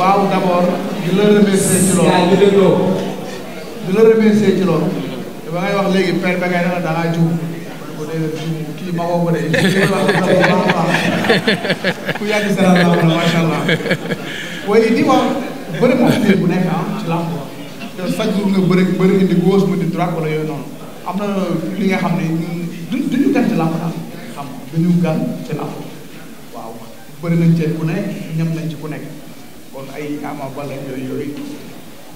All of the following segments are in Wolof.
waaw d' abord di la remercier ci loolu di la remercier ci loolu ba ngay wax léegi père ba ngay naan da ngaa jiw ko dee kii ma woo ko de ku yàgg sa la macha allah waaye di wax bëri moom tey bu nekk ah, ci làmb te chaque jour nga bëri bëri indi mu di droite wala noonu am na li nga xam ne du duñu gan ci làmb daal xam duñu gan ci làmb waaw bëri nañ ci ku nekk ñam nañ ci ku kon ay Ama Baldé yooyu yooyu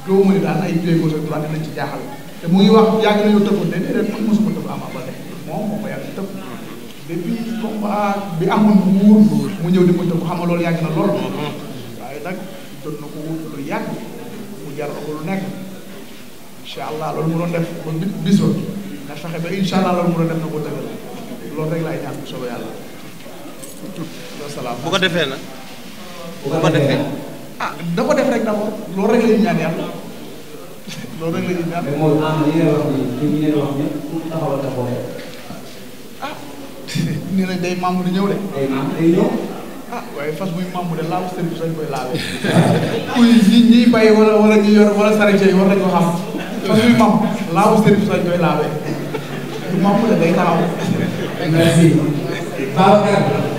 doomu ne daal ay deux gauche ak droite dinañ ci jaaxal te mu ngi wax yàgg nañoo tëbul ne déedéet man mosuma tëb Ama Baldé moom moo ko yàgg tëb depuis combat bi amoon wuur mu ñëw di ko tëb xam nga loolu yàgg na lool waaye nag jot na ko wut lu yàgg mu jaral ko lu nekk incha allah loolu mu doon def kon nit bis ba na fexe ba incha allah loolu mu doon def na ko dëggal loolu rek laay ñaan bu soobee yàlla. wa salaam bu ko defee nag. bu ko defee. ah da def rek d'abord loolu rek la ñuy ñaan loolu rek la ñuy ñaan. mais mooy am li nga wax nii li ngeen wax nii pour taxawal taxawal. ah ñëw de. day ah, waaye fas muy maamu de laaw seen bi sañ koy laawee. kuy ñi ñiy bay wala wala ñi yor wala yi war nañ ko xam. fas koy laawee. du